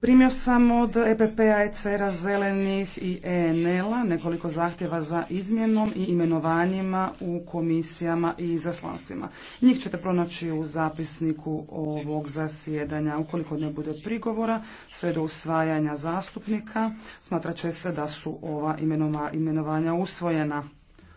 Primio sam od EPP-a, ECR-a, Zelenih i ENL-a nekoliko zahtjeva za izmjenom i imenovanjima u komisijama i zaslanstvima. Njih ćete pronaći u zapisniku ovog zasjedanja. Ukoliko ne bude prigovora, sve do usvajanja zastupnika, smatrat se da su ova imenovanja usvojena.